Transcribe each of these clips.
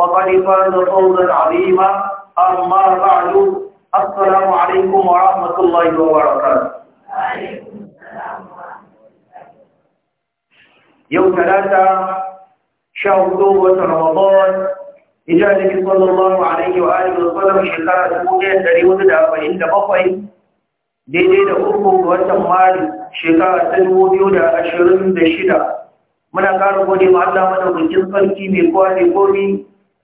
وقد فاز فوزا عظيما أما بعد السلام عليكم ورحمة الله وبركاته يوم ثلاثة شهر أكتوبر رمضان إجا النبي صلى الله عليه وآله وسلم شكرا تقولي تريد دافعين دافعين daidai da uku watan mari shekara ta dubu biyu da ashirin da shida muna ƙara gode ma Allah madaukakin sarki mai kowa mai komi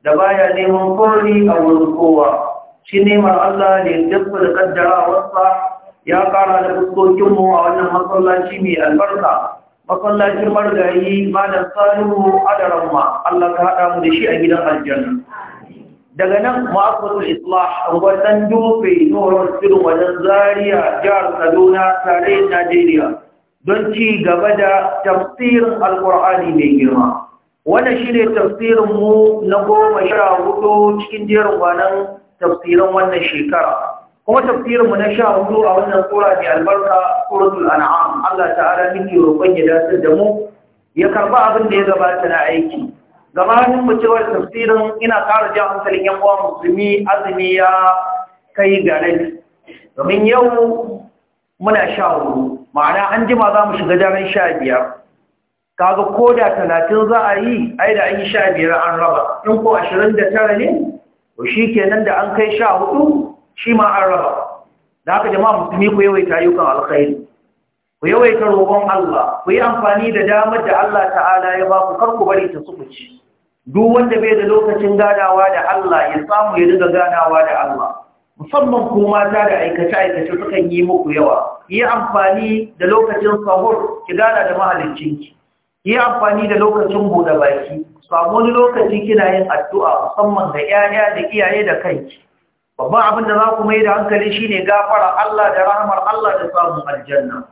da baya neman kori a wurin kowa shi neman Allah ne duk da kaddarawarsa ya kara da fuskokinmu a wannan masallaci mai albarka masallacin margayi malam salihu adaramma Allah ka haɗa mu da shi a gidan aljanna daga nan ma'afatul islah wajen dufe noron firin wajen zaria jihar kaduna tare najeriya don ci gaba da tafsirin alkur'ani mai girma wannan shi ne tafsirinmu na goma sha hudu cikin jerin kwanan tafsirin wannan shekara kuma tafsirinmu na sha hudu a wannan tsura mai albarka suratul an'am Allah ta'ala miki roƙon ya dace da mu ya karba abin da ya gabata na aiki gabanin mu da tafsirin ina ƙara ja hankalin yan uwa musulmi azumi ya kai gare domin yau muna sha hudu ma'ana an jima za mu shiga daren sha biyar kaga ko da talatin za a yi ai da an yi sha biyar an raba in ko ashirin da tara ne to shi kenan da an kai sha hudu shi ma an raba da haka jama'a musulmi ku yawaita ayyukan alkhairi ku yawaita roƙon Allah ku yi amfani da damar da Allah ta'ala ya ba ku kar ku bari ta sukuci duk wanda bai da lokacin ganawa da Allah ya samu ya dinga ganawa da Allah musamman ku mata da aikace-aikace sukan yi muku yawa yi amfani da lokacin sahur ki gana da mahaliccinki yi amfani da lokacin buɗe baki samu wani lokaci kina yin addu'a musamman ga ‘ya'ya da iyaye da kanki babban abin da za ku mai da hankali shine gafara Allah da rahamar Allah da samun aljanna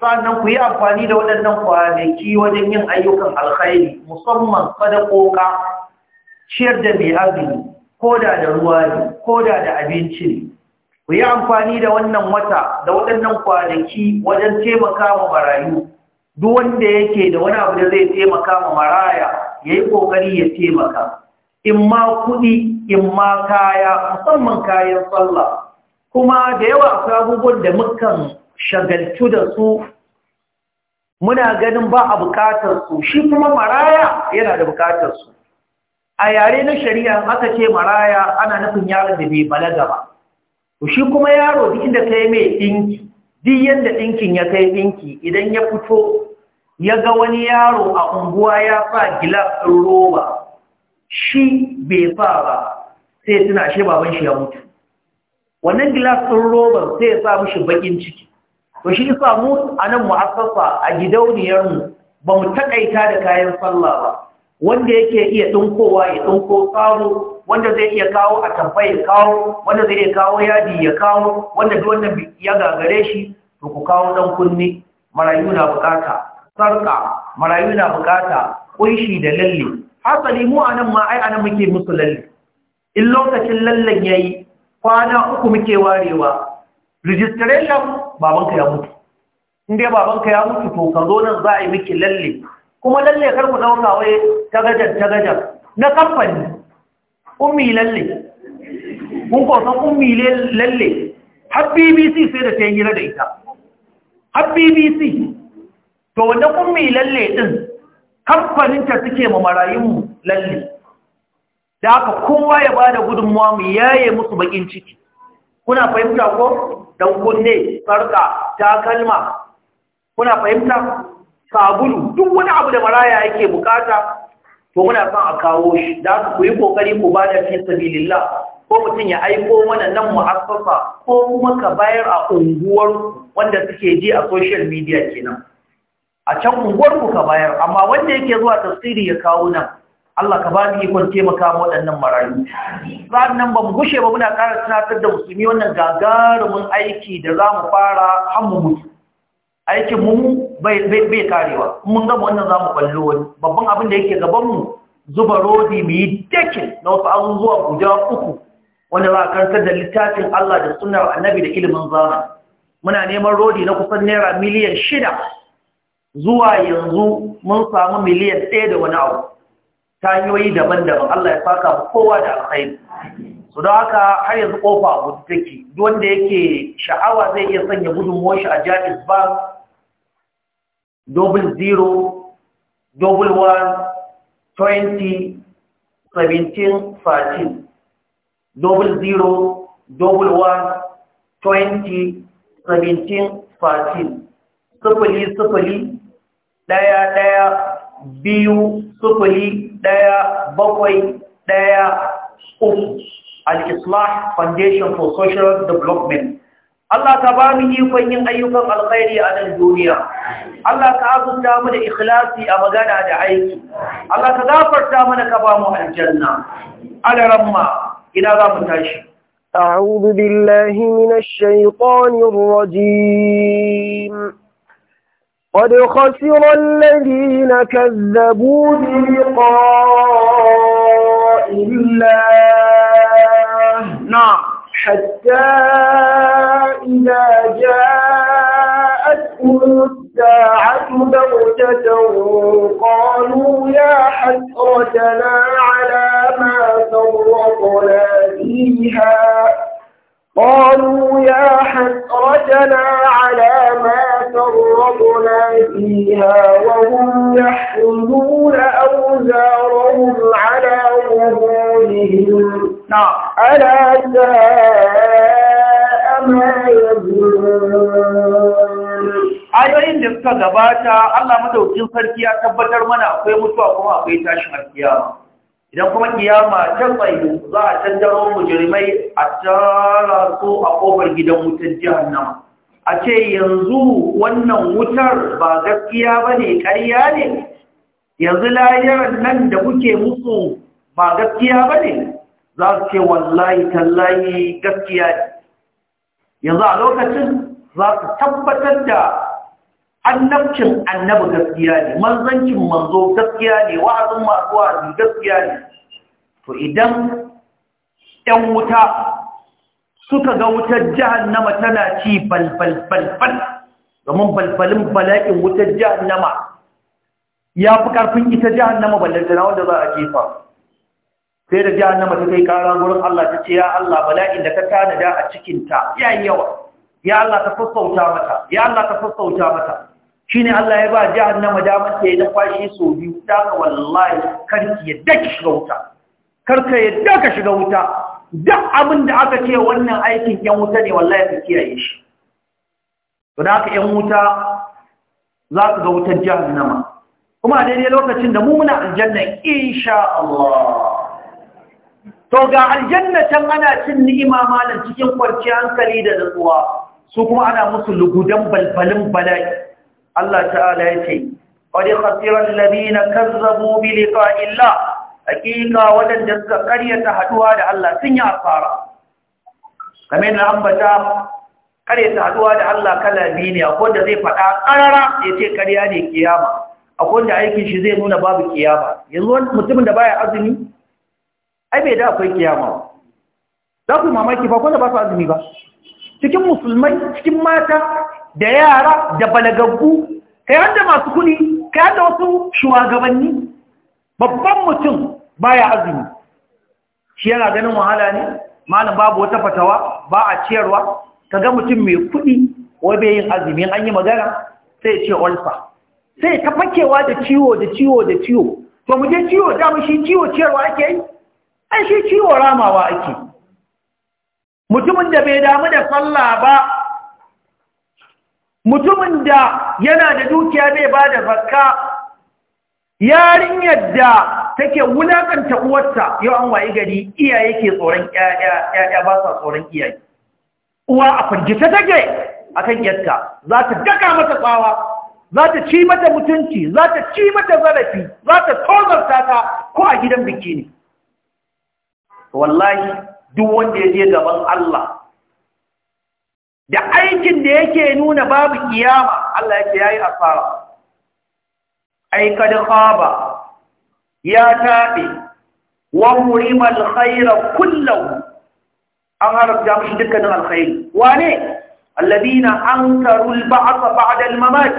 sannan ku yi amfani da waɗannan kwanaki wajen yin ayyukan alkhairi musamman sadakoka ciyar da mai azumi koda da ruwa ne koda da abinci ne ku yi amfani da wannan wata da waɗannan kwanaki wajen taimaka wa marayu duk wanda yake da wani abu da zai taimaka ma maraya ya yi ƙoƙari ya taimaka in ma kuɗi in ma kaya musamman kayan sallah kuma da yawa akwai abubuwan da mukan shagaltu da su muna ganin ba a buƙatar shi kuma maraya yana da buƙatar su a yare na shari'a aka ce maraya ana nufin yaron da bai balaga ba shi kuma yaro duk inda kai mai ɗinki duk yadda ɗinkin ya kai ɗinki idan ya fito ya ga wani yaro a unguwa ya sa gilas ɗin roba shi bai sa ba sai tuna shi baban shi ya mutu wannan gilas ɗin sai ya sa shi bakin ciki to shi isa mu a nan mu'assasa a gidauniyarmu ba mu taƙaita da kayan sallah ba wanda yake iya ɗinkowa ya ɗinko tsaro wanda zai iya kawo a tambaye ya kawo wanda zai iya kawo yadi ya kawo wanda duk wannan ya gagare shi to ku kawo ɗan kunne marayu na bukata sarka marayu na bukata kunshi da lalle hasali mu a nan ma ai nan muke musu lalle in lokacin lallen ya yi, kwana uku muke warewa registration babanka ya mutu inda babanka ya mutu to ka zo nan za a yi miki lalle kuma lalle kar ku dauka wai tagajar tagajar na kamfani ummi lalle kun ko ummi lalle har BBC sai da ta yi hira da ita har BBC to wanda ummi lalle din kamfaninta suke ma marayunmu lalle da haka kowa ya bada gudunmuwa mu yaye musu bakin ciki kuna fahimta ko dan kunne sarka takalma kuna fahimta sabulu duk wani abu da maraya yake bukata to muna son a kawo shi da haka ku yi kokari ku bada fi sabilillah ko mutum ya aiko mana nan mu'assasa ko kuma ka bayar a unguwar wanda suke ji a social media kenan a can unguwar ku ka bayar amma wanda yake zuwa tafsiri ya kawo nan Allah ka bani ikon taimaka waɗannan marayu sannan ba mu gushe ba muna ƙara tunatar da musulmi wannan gagarumin aiki da za mu fara har mu mutu aikin mu bai karewa mun gama wannan za mu kwallo wani babban abin da yake gaban mu zuba rodi mu yi dakin na wasu abubuwa guda uku wanda za a karkar da littafin Allah da sunnar annabi da ilimin zamani muna neman rodi na kusan naira miliyan shida zuwa yanzu mun samu miliyan ɗaya da wani abu ta hanyoyi daban-daban Allah ya saka kowa da alkhairi su da haka har yanzu kofa a gudu take wanda yake sha'awa zai iya sanya gudun moshi a jaiz bank double zero double one twenty seventeen thirteen double zero double one twenty seventeen thirteen sifili sifili ɗaya ɗaya biyu sufuli ɗaya bakwai ɗaya uku al-islah foundation for social development Allah ka ba mu ikon yin ayyukan alkhairi a nan duniya. Allah ka azunta mu da ikhlasi a magana da aiki. Allah ka gafarta mana ka ba mu aljanna. ramma ina za mu tashi. أعوذ بالله من الشيطان الرجيم قد خسر الذين كذبوا بلقاء الله نعم حتى إذا جاءتهم الساعة بغتة قالوا يا حسرتنا على ما فرطنا فيها قالوا يا حسرتنا على ما فرطنا فيها وهم يحملون أوزارهم على ظهورهم ألا ساء ما ayoyin da suka gabata Allah madaukin sarki ya tabbatar mana akwai mutuwa kuma akwai tashin alkiyama idan kuma kiyama ta tsayu za a tattaro mujirmai a tara su a ƙofar gidan wutar nama. a ce yanzu wannan wutar ba gaskiya ba ne ƙarya ne yanzu layaran nan da kuke musu ba gaskiya ba ne za su ce wallahi tallahi gaskiya ne yanzu a lokacin za su tabbatar da annabcin annabi gaskiya ne manzancin manzo gaskiya ne wa'azin masu wa'azi gaskiya ne to idan ‘yan wuta suka ga wutar jahannama tana ci balbalbalbal domin balbalin bala'in wutar jahannama ya fi ƙarfin ita jahannama ballantana wanda za a jefa sai da jahannama ta kai ƙara wurin Allah ta ce ya Allah bala'in da ka tanada a cikinta ya yawa ya Allah ta sassauta mata ya Allah ta sassauta mata shi ne Allah ya ba jahannama damar da ya numfashi sau biyu daga wallahi karki yadda ka shiga wuta karka yadda ka shiga wuta duk abin da aka ce wannan aikin yan wuta ne wallahi ka kiyaye shi to aka haka yan wuta za su ga wutar jahannama kuma daidai lokacin da mu muna aljanna insha Allah to ga aljanna can ana cin ni'ima malam cikin kwanciyar hankali da nutsuwa su kuma ana musu lugudan balbalin bala'i Allah ta'ala yace qad khasira alladhina kazzabu bi liqa'illah hakika wadanda suka karyata haduwa da Allah sun yi asara kamar na ambata karyata haduwa da Allah kala biyu ne akwai da zai faɗa karara yace karya ne kiyama akwai da aikin shi zai nuna babu kiyama yanzu mutumin da baya azumi ai bai da akwai kiyama za ku mamaki ba ko da ba su azumi ba cikin musulmai cikin mata da yara da balagaggu kai har da masu kuni, kai har wasu shugabanni babban mutum baya azumi shi yana ganin wahala ne malam babu wata fatawa ba a ciyarwa ga mutum mai kuɗi wai bai yin azumi an yi magana sai ce olfa sai ta fakewa da ciwo da ciwo da ciwo to mu je ciwo da mu shi ciwo ciyarwa ake yi ai shi ciwo ramawa ake mutumin da bai damu da sallah ba mutumin da yana da dukiya zai ba da zakka yarinyar da take wulakanta uwarta yau an wayi gari iyaye ke tsoron ƴaƴa ba sa tsoron iyaye uwa a firgita take akan yarta za ta daka mata tsawa za ta ci mata mutunci za ta ci mata zarafi za ta tozarta ta ko a gidan biki ne wallahi duk wanda ya je gaban Allah da aikin da yake nuna babu kiyama Allah yake yayi asara ai kad khaba ya tabi wa murima alkhayra kullahu an harja mishi dukkanin alkhairi wane alladina ankaru alba'th ba'da almamat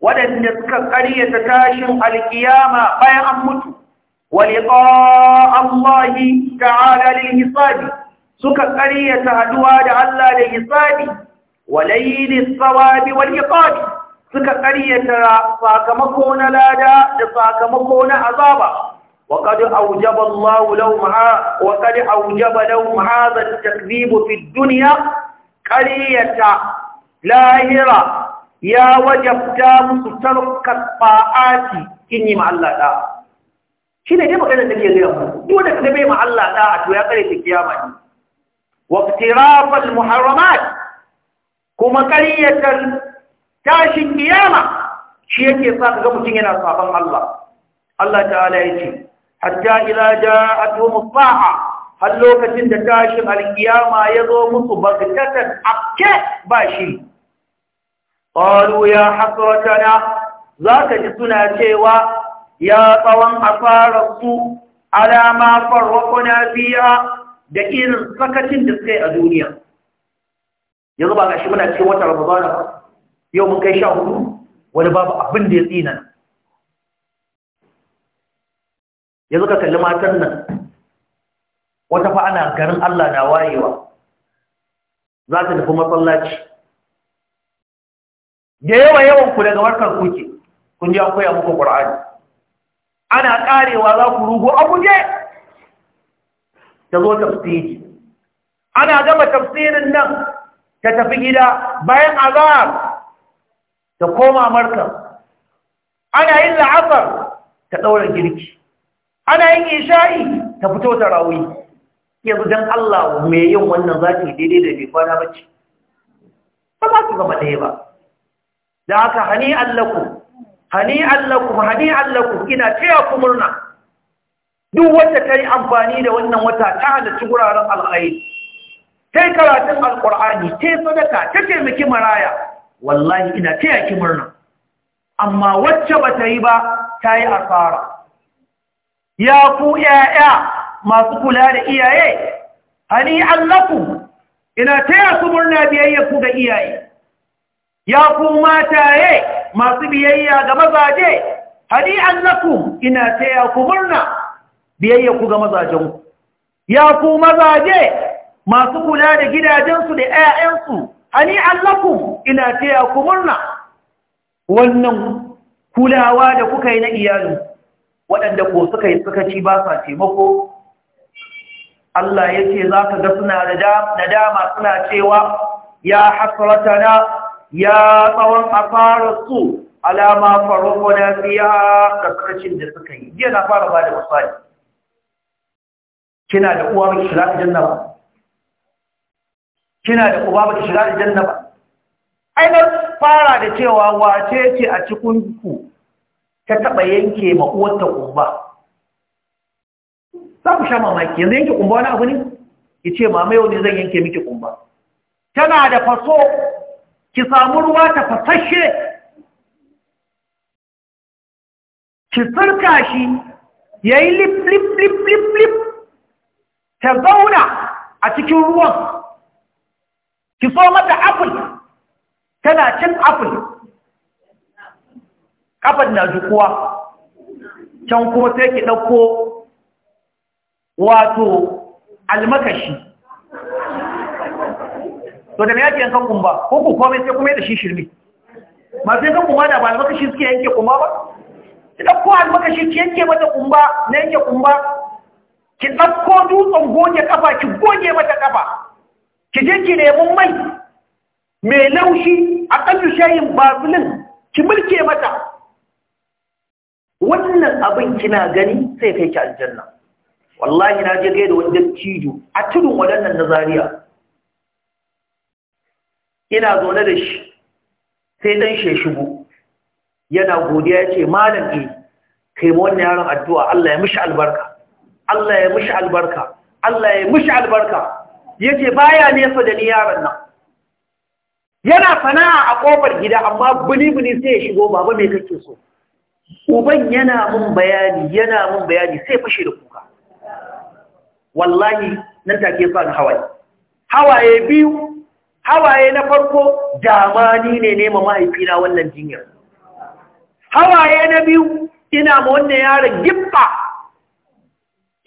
wadanda suka ƙaryata tashin alkiyama bayan an mutu wa liqa Allah ta'ala lil hisabi suka ƙaryata haduwa da Allah da hisabi wa laylis sawabi wal suka ƙaryata sakamako na lada da sakamako na azaba wa qad awjaba Allah lawma wa qad ƙaryata lahira ya wajabta musu tarukkat fa'ati in yi Allah da shi ne dai maganar da ke gaya mu duk da kaga bai ma Allah da to ya kare ta واقتراف المحرمات kuma karyatar tashin ƙiyama, shi yake sa ka ga mutum yana sabon Allah Allah ta'ala yace hatta idza ja'atuhum as-sa'a har lokacin da tashin alƙiyama ya zo musu bagtatan akke ba shi qalu ya hasratana zaka ji suna cewa ya tsawon asarar su ala ma farwaqna fiha da irin sakacin da suka yi a duniya yanzu ba gashi muna cikin wata ramadana ba yau mun kai sha hudu wani babu abin da ya tsina yanzu ka kalli matan nan wata fa ana garin Allah na wayewa za ta nufi matsalaci da yawa yawan ku daga warkar kuke kun ji an koya muku ƙwar'ani ana ƙarewa za ku rugu a ta zo tafsiri ana gama tafsirin nan ta tafi gida bayan azhar ta koma marka ana yin la'asar ta ɗaura girki ana yin isha'i ta fito ta rawi yanzu don Allah mai yin wannan za yi daidai da bai kwana bacci ba za su gama ɗaya ba da haka hani allaku hani allaku hani allaku ina taya ku murna duk wanda ta yi amfani da wannan wata ta halarci wuraren alkhairi ta yi karatun Alƙur'ani ta yi sadaka ta taimaki maraya wallahi ina ta yaki murna amma wacce ba ta yi ba ta yi asara ya ku ya'ya masu kula da iyaye hani allaku ina taya su murna biyayya ku ga iyaye ya ku mataye masu biyayya ga mazaje hani allaku ina taya ku murna biyayya ku ga mazajen ku ya ku mazaje masu kula da gidajensu da 'ya'yansu ani allakum ina taya ku murna wannan kulawa da kuka yi na iyalin waɗanda ko suka yi sakaci ba sa taimako Allah ya ce za ka ga suna da dama suna cewa ya hasratana ya tsawon su alama faruwa na fiya da da suka yi jiya fara ba da kina da uwa baki shiga aljanna ba kina da uba baki shiga aljanna ba ai na fara da cewa wace ce a cikin ku ta taba yanke ma uwarta kuma za ku sha mamaki yanzu yanke kuma wani abu ne ki ce mama yau ne zan yanke miki kuma tana da faso ki samu ruwa ta fasashe ki sirka shi yayi lip lip lip lip lip ta zauna a cikin ruwan ki so mata apple tana cin apple kafan na jukuwa can kuma sai ki ɗauko wato almakashi to da na yake yankan kumba ko ku kome sai kuma da shi shirme masu yankan kumba da ba almakashi suke yanke kumba ba ki ɗauko almakashi ki yanke mata kumba na yanke kumba ki ɗauko dutsen goge ƙafa ki goge mata ƙafa ki je ki nemi mai mai laushi a ƙallu shayin babulin ki mulke mata wannan abin kina gani sai kai ki aljanna wallahi na je da wani dattijo a tudun waɗannan na Zariya. ina zaune da shi sai dan shi shigo yana godiya ya ce malam e kai ma wannan yaron addu'a Allah ya mishi albarka Allah ya mushi albarka Allah ya mushi albarka Ya yace baya nesa da ni yaron nan yana sana'a a ƙofar gida amma buni buni sai ya shigo baba mai kake so uban yana mun bayani yana mun bayani sai fashe da kuka wallahi nan take sa ni hawaye hawaye biyu hawaye na farko damani ne nema mahaifina wannan jinyar hawaye na biyu ina ma wannan yaron gibba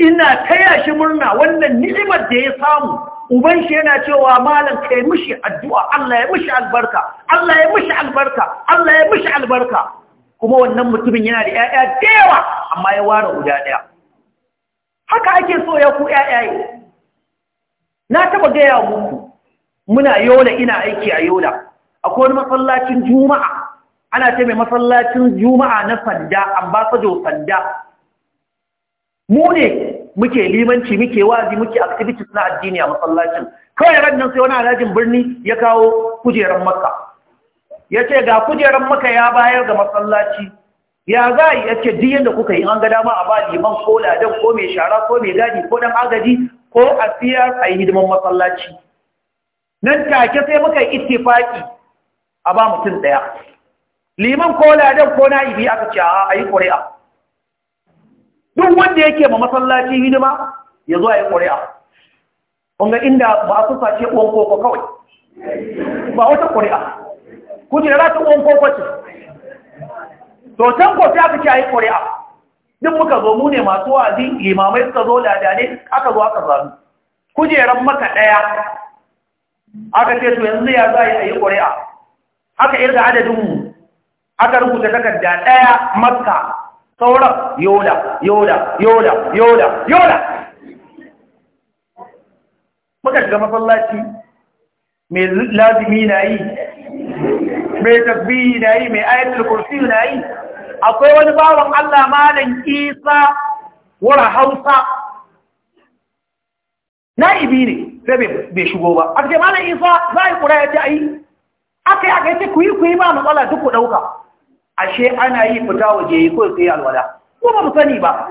ina taya shi murna wannan ni'imar da ya samu uban shi yana cewa malam kai mishi addu'a Allah ya mishi albarka Allah ya mishi albarka Allah ya mishi albarka kuma wannan mutumin yana da 'ya'ya da yawa amma ya ware guda ɗaya haka ake so ya ku ƴaƴaye na taba gaya muku muna yola ina aiki a yola akwai wani masallacin juma'a ana ta mai masallacin juma'a na sanda ambasajo sanda mu ne muke limanci muke wazi muke activities na addini a masallacin kawai ran nan sai wani alhajin birni ya kawo kujeran maka ya ce ga kujeran maka ya bayar ga masallaci ya za yi ya ce duk yanda kuka yi an ga dama a ba liman ko ladan ko mai shara ko mai gadi ko dan agaji ko a siyar a yi hidiman masallaci nan take sai muka yi ittifaki a ba mutum ɗaya liman ko ladan ko na'ibi aka ce a yi ƙuri'a duk wanda yake ma masallaci hidima ya zo a yi ƙuri'a ƙunga inda ba su sace uwan koko kawai ba wata ƙuri'a kujera za ta uwan koko ce to can ko sai aka ce a yi ƙuri'a duk muka zo mu ne masu wazi limamai suka zo ladane aka zo aka zanu kujeran maka ɗaya aka ce to yanzu ya za a yi ƙuri'a aka irga adadin mu aka rubuta takarda ɗaya makka sauran yola yola yola yola yola muka shiga masallaci mai lazimi na yi mai tabbi na yi mai ayatul kursi na yi akwai wani bawan Allah malam Isa wara Hausa naibi ne sai bai shigo ba aka ce malam Isa za a yi kura ya ce a yi aka yi aka yi ce ku yi ku yi ba matsala duk ku ɗauka ashe ana yi fita waje yi ko sai alwala ko ba mu sani ba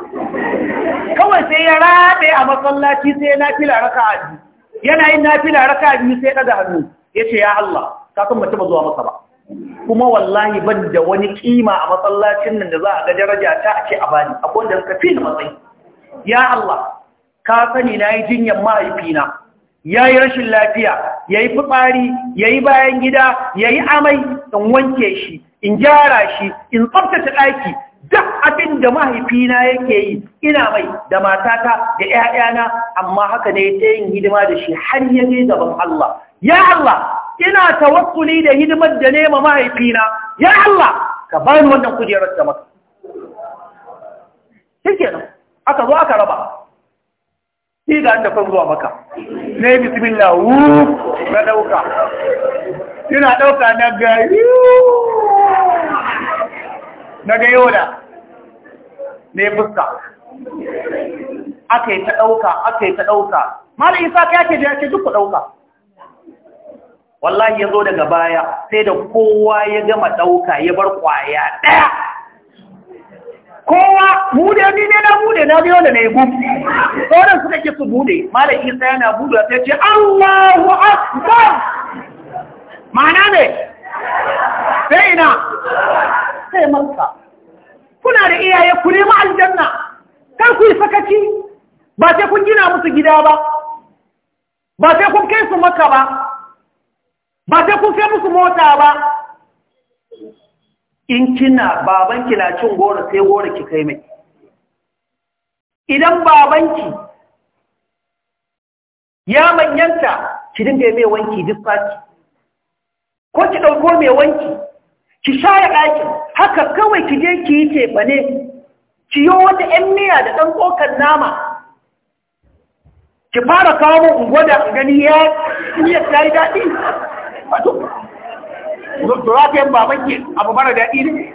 kawai sai ya rabe a masallaci sai na ya nafila raka'a biyu yana yin na nafila raka'a biyu sai ya daga hannu ce ya Allah ka san mutum zuwa masa ba kuma wallahi ban da wani kima a masallacin nan da za a ga daraja ta a ce a bani a wanda suka fi matsayi ya Allah ka sani na yi jinyar mahaifina ya yi rashin lafiya ya yi fitsari ya yi bayan gida ya yi amai in wanke shi in gyara shi in tsaftace ɗaki duk abin da mahaifina yake yi ina mai da matata da ‘ya'yana amma haka ne ta yin hidima da shi har ya je gaban Allah ya Allah ina tawakkuli da hidimar da nema mahaifina ya Allah ka bani wannan kujerar da maka shi aka zo aka raba shi ga inda kan zuwa maka na yi bismillah na ɗauka ina ɗauka na gari na ga yoda ne fuska aka yi ta ɗauka aka yi ta ɗauka mala isa ka yake da yake duk ku ɗauka wallahi ya zo daga baya sai da kowa ya gama ɗauka ya bar ƙwaya ɗaya kowa bude ni ne na bude na biyo da na yi gum sauran suka ke su bude mala isa yana bude sai ce allahu akbar ma'ana ne sai ina sai manka kuna da iyaye ku nemi aljanna kar ku yi sakaci ba sai kun gina musu gida ba ba sai kun kai su maka ba ba sai kun kai musu mota ba in kina babanki na cin goro sai goro ki kai mai idan babanki ya manyanta ki dinga mai wanki duk fati, ko ki ɗauko mai wanki ki shaya ɗakin haka kawai ki je ki yi ne, ki yi wata ‘yan miya da ɗan ƙokar nama ki fara kawo mu a gani ya iya ta yi daɗi wato zurafiyan baban ke abu mara daɗi ne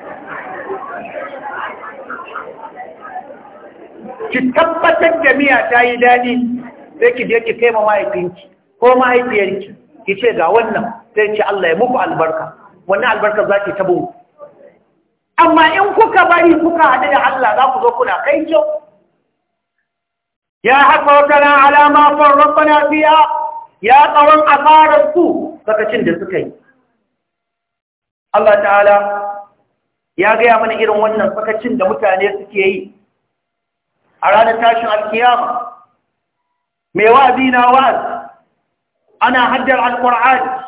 ki tabbatar da miya ta yi daɗi sai ki je ki kai ma mahaifinki ko mahaifiyarki ki ce ga wannan sai ce Allah ya muku albarka wannan albarka za ki tabo amma in kuka bari kuka haɗu da Allah za ku zo kuna kai kyau ya haka wata ran alama farrabbana fiya ya tsawon asarar su sakacin da suka yi Allah ta'ala ya gaya mana irin wannan sakacin da mutane suke yi a ranar tashin alkiyama mai wa'azi na wa'azi ana haddar alkur'ani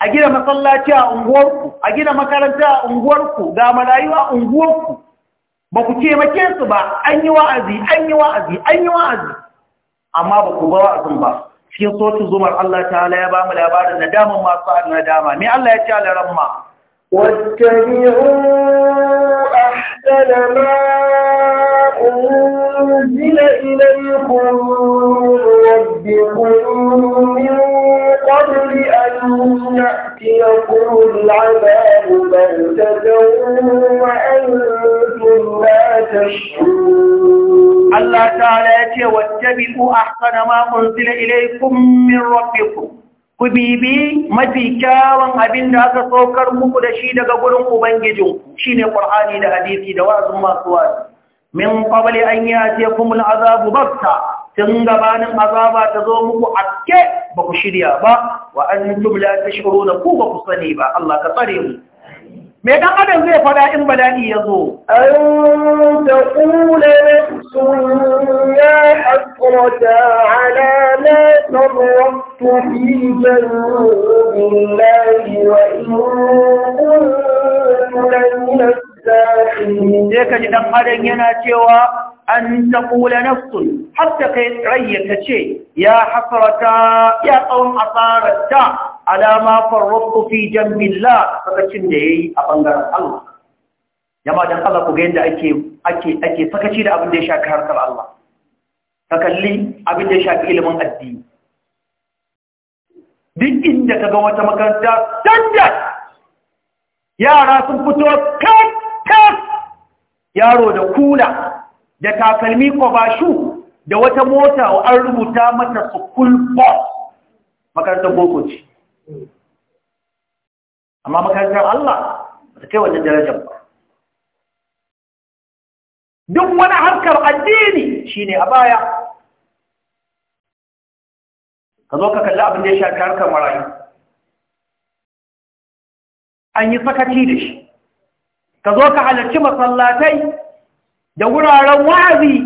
a gina masallaci a unguwarku a gina makaranta a unguwarku ga marayu a unguwarku ba ku taimake su ba an yi wa'azi an yi wa'azi an yi wa'azi amma ba ku ba wa'azin ba cikin sautin zumar Allah ta'ala ya ba mu labarin nadaman masu an dama. me Allah ya ce a ma واتبعوا أحسن ما أنزل إليكم ربكم من قبل أن يأتيكم العذاب بغتة وأنتم لا تشعرون الله تعالى يقول واتبعوا أحسن ما أنزل إليكم من ربكم ku bibi mafi kyawun abin da aka saukar muku da shi daga gurin Ubangijinku shi ne ƙwar'ani da hadisi da wa'azin masu wasu min qabli an yi a azabu bakta tun gabanin azaba ta zo muku aske ba ku shirya ba wa an tumla ta shiro da ku ba ku sani ba Allah ka tsare mu me dan adam zai fada in bala'i ya zo an taqula nafsun ya hasrata ala ma sarraftu fi jannabillahi wa in kuntu lan Je ka ji dan adam yana cewa an taqula nafsun ta kai rayya ce, ya hasarata ya qawm asarata ala ma farrattu fi jambillah sakacin da yayi a bangaren Allah jama'a dan Allah ku ga yadda ake ake ake sakaci da abin da ya shafi harkar Allah ka kalli abin da ya shafi ilimin addini duk inda ka ga wata makaranta standard yara sun fito kas kas yaro da kula da takalmi kwabashu da wata mota an rubuta mata sukul boss makarantar boko ce amma makarantar Allah ba ta kai wannan darajar ba duk wani harkar addini shi ne a baya ka zo ka kalli abin da ya shafi harkar marayu an yi sakaci da shi ka zo ka halarci masallatai da wuraren wazi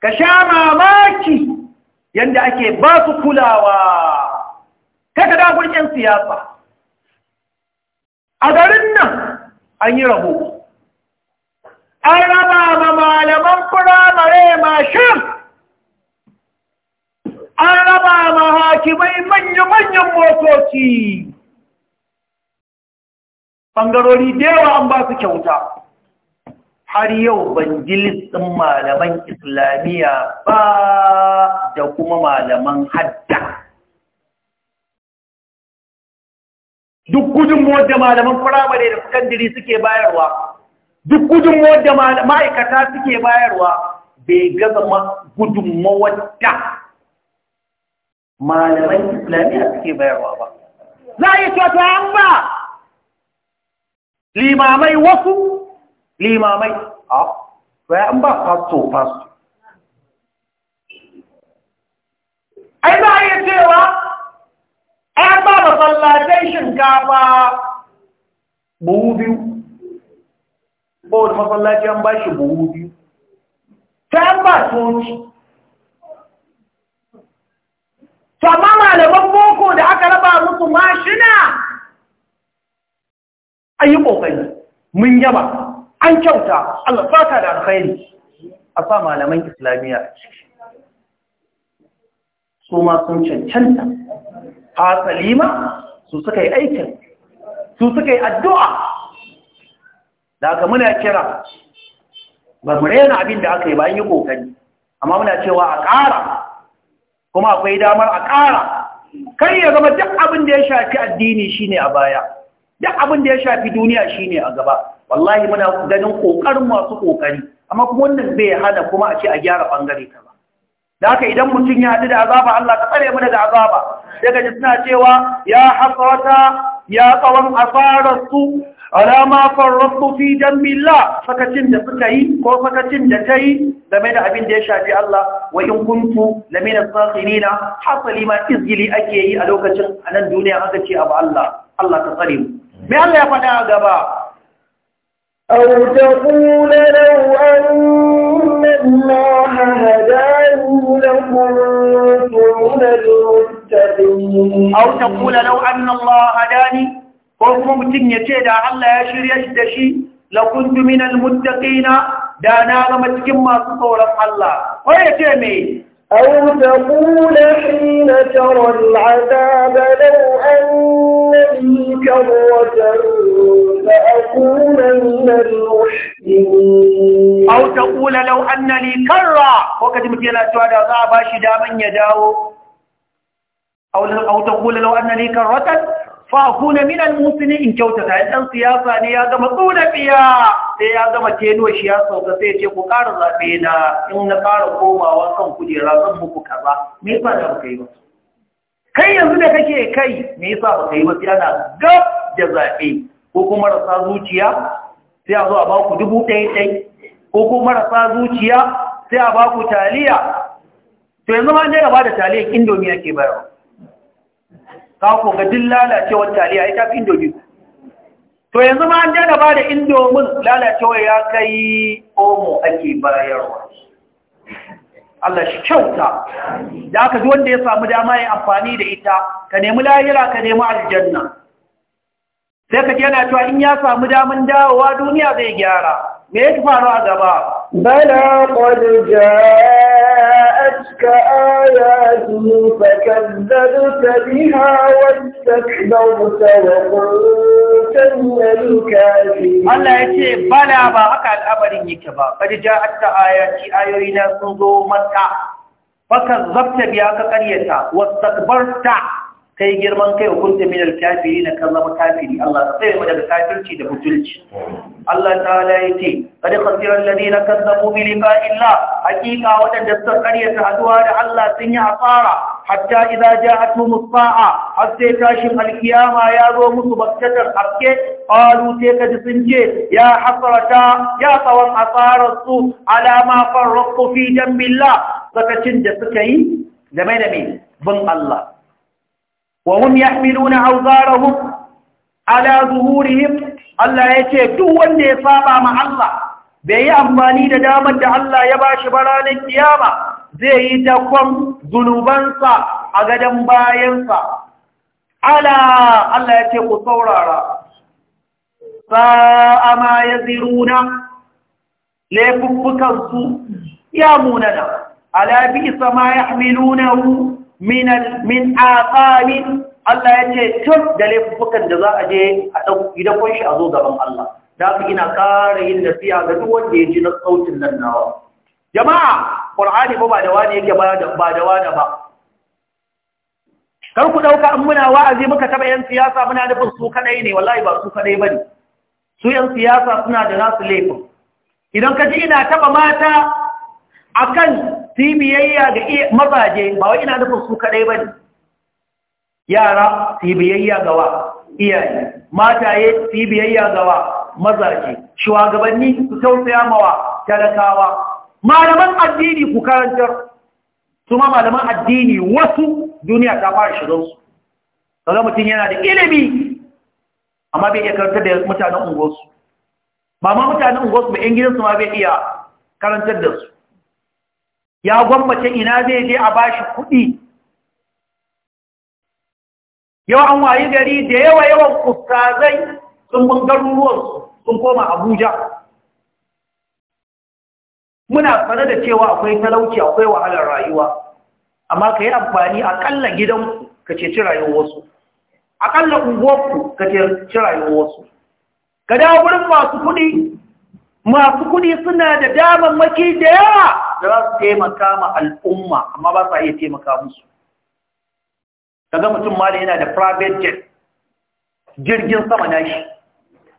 ka sha mamaki yadda ake ba su kulawa kaka dagon 'yan siyasa a garin nan an yi rabo an raba ma malaman firamare mashin an raba ma hakimai manya-manyan motoci ɓangarori dewa an ba su kyauta har yau ban ji listin malaman islamiyya ba da kuma malaman hadda duk gudunmuwar da malaman firamare da sakandiri suke bayarwa duk gudunmuwar da ma'aikata suke bayarwa bai gaza gudun mawadda malaman islamiyya suke bayarwa ba za a yi cewa ta ba limamai wasu limamai a ah, waya an ba fasto fasto ai za a iya cewa an ba masallatai shinkafa buhu biyu bawar masallaci an ba shi buhu biyu ta an ba ta amma malaman boko da aka raba musu mashina a yi ƙoƙari mun yaba an kyauta Allah da alkhairi a sa malaman islamiyya su ma sun cancanta a Salima su suka yi aikin su suka yi addu'a da aka muna kira ba mu rena abin da aka yi bayan yi kokari amma muna cewa a ƙara kuma akwai damar a ƙara kan ya zama duk abin da ya shafi addini shine a baya duk abin da ya shafi duniya shine a gaba wallahi muna ganin kokarin masu kokari amma kuma wannan bai hana kuma a ce a gyara bangare ta ba da haka idan mutum ya haɗu da azaba Allah ka tsare mu daga azaba daga ji suna cewa ya hasrata ya tsawon asararsu alama farrasu fi jammila sakacin da suka yi ko sakacin da ta yi game da abin da ya shafi Allah wa in kuntu lamina sakhirina hasali ma izgili ake yi a lokacin a nan duniya aka ce abu Allah Allah ka tsare mu me Allah ya faɗa a gaba أو تقول لو أن الله هداني لكنت من المتقين أو تقول لو أن الله هداني وكم تنية تيدا على يشير يشدشي لكنت من المتقين دانا لما تكما تطور الله تيمي أو تقول حين ترى العذاب لو أن Au ta ƙula lau annali karra ko ka ji mutum yana cewa da za a ba shi daman ya dawo. Au ta ƙula lau annali karratan fa'akuna minan musuni in kyauta ɗan siyasa ne ya gama ƙuna fiya sai ya gama tenuwa shi ya sauka sai ce ku ƙara zaɓe na in na ƙara komawa kan kujera zan muku kaza. Me ba da ba ka ba? kai yanzu da kake kai me yasa ba kai wasu yana gab da zaɓe ko kuma marasa zuciya sai a zo a baku dubu ɗaya ɗai ko kuma marasa zuciya sai a baku taliya to yanzu ma ne gaba da taliya indomi ake bayarwa ka ko ga duk lalacewar taliya ya tafi indomi to yanzu ma an daina ba da indomin lalacewa ya kai omo ake bayarwa Allah shi kyauta da aka ji wanda ya samu dama ya amfani da ita ka nemi lahira ka nemi aljanna sai ka yana cewa in ya samu daman dawowa duniya zai gyara me ya faru a gaba bala qad jaa جاءتك آياته فكذبت بها واستكبرت وقلت من الكافرين الله يتي بلا ما حكى الأمر يكبا قد جاءتك آياتي آيوينا سنظو مكة فكذبت بها كقريتا واستكبرت kai girman kai hukunta min al-kafiri na kan zama kafiri Allah sai mu daga kafirci da butulci Allah ta'ala yace qad khasira alladhina kadzabu bi liqa'i Allah hakika wadanda suka karyata haduwa da Allah sun yi asara hatta idza ja'atuhum as-sa'a hatta tashin al-qiyama ya zo musu bakkatar hakke qalu sai sun ce ya hasrata ya tawan su, ala ma farraqtu fi dambillah sakacin da suka yi game da me bin Allah وهم يحملون أوزارهم على ظهورهم الله يتي دوان دي صابا مع الله بي أماني دا دامن دا الله يباش بران القيامة زي تقوم ذنوبانسا أغدن باينسا على الله يتي قصورارا ساء ما يزرون ليكفكنسو يا موننا على بئس ما يحملونه min aqamin Allah ya ce tun da laifukan da za a je a ɗauki gidan kunshi a zo gaban Allah da fi ina ƙara yin nasiya ga duk wanda ya ji na sautin nan nawa jama'a qur'ani ba da wani yake ba da ba da wani ba kar ku ɗauka an muna wa'azi muka taɓa yan siyasa muna nufin su kanai ne wallahi ba su ba ne. su yan siyasa suna da nasu laifin idan ka ji ina taɓa mata a kan. su yi biyayya ga mazaje ba wa ina nufin su kaɗai ba ne yara su yi biyayya ga wa iyaye mataye su yi biyayya ga wa mazaje shugabanni su tausaya mawa talakawa malaman addini ku karantar su ma malaman addini wasu duniya ta fara shirinsu. kaga mutum yana da ilimi amma bai iya karantar da mutanen unguwarsu ba ma mutanen unguwarsu ba 'yan gidansu ma bai iya karantar da su ya gwammace ina zai je a bashi kuɗi yau an wayi gari da yawa yawan kustazai sun bin garuruwansu sun koma abuja muna fara da cewa akwai talauci akwai wahalar rayuwa amma ka yi amfani ƙalla gidanku ka ceci rayuwarsu ƙalla unguwarku ka ceci rayuwarsu ka dawo wurin masu kuɗi masu kuɗi suna da damammaki da yawa da za su taimaka ma al'umma amma ba sa iya taimaka musu Daga mutum ma da yana da private jet jirgin sama na shi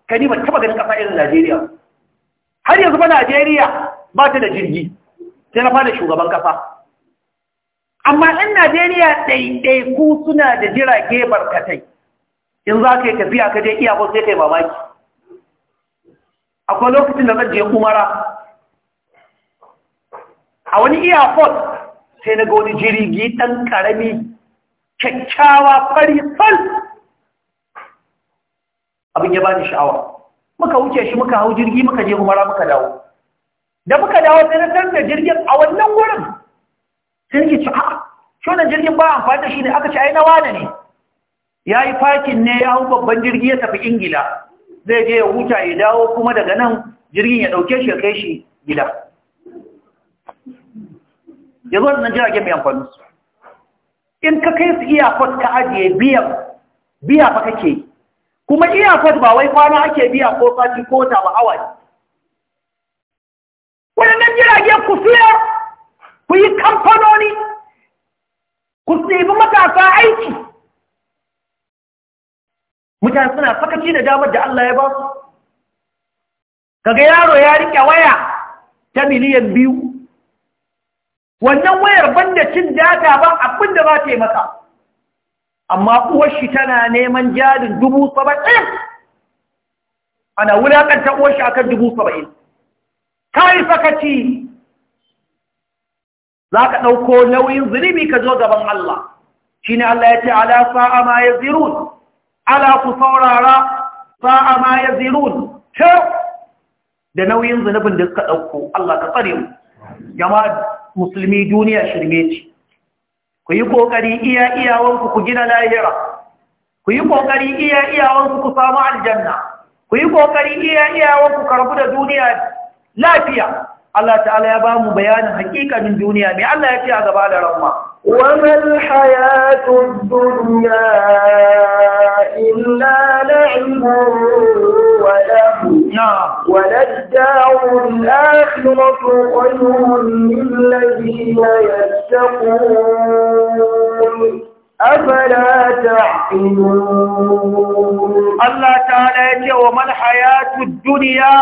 kani ba taba ganin ƙasa irin Najeriya har yanzu ba Najeriya ba ta da jirgi sai na fara shugaban ƙasa amma in Najeriya ɗaiɗaiku suna da jirage barkatai in za ka yi tafiya ka je iya ko sai kai mamaki akwai lokacin da zan je umara a wani airport sai na ga wani jirgi ɗan ƙarami kyakkyawa fari fal abin ya bani sha'awa muka wuce shi muka hau jirgi muka je umara muka dawo da muka dawo sai na tarda jirgin a wannan wurin sai nake ci a'a shonan jirgin ba amfani da shi ne aka ci ai na wane ne ya yi fakin ne ya hau babban jirgi ya tafi ingila zai je ya huta ya dawo kuma daga nan jirgin ya ɗauke shi ya kai shi gida ya zo nan jiragen mai amfani su in ka kai su iyakot ka ajiye biyan biya fa kake kuma iyakot ba wai kwana ake biya ko sati ko wata ba awa waɗannan jiragen ku siya, ku yi kamfanoni ku nemi matasa aiki mutane suna sakaci da damar da Allah ya ba su kaga yaro ya rike waya ta miliyan biyu wannan wayar banda cin data ba abin da ba ta yi maka amma uwar shi tana neman jarin dubu saba'in ana wulakanta uwar shi akan dubu saba'in kawai sakaci za ka ɗauko nauyin zunubi ka zo gaban Allah shi ne Allah ya ce ala sa'a ma ya zirun ala ku saurara sa'a ma yazirun da nauyin zunubin da suka ɗauko Allah ka tsare mu jama'a musulmi duniya shirme ce ku yi ƙoƙari iya iyawanku ku gina lahira ku yi ƙoƙari iya iyawanku ku samu aljanna ku yi ƙoƙari iya iyawanku karbu da duniya lafiya Allah ta'ala ya ba mu bayanin hakikanin duniya mai Allah ya ce a gaba da ramma wa mal hayatu dunya إلا لعبا نعم وللدار الآخرة خير للذين يتقون أفلا تعقلون الله تعالى يقول وما الحياة الدنيا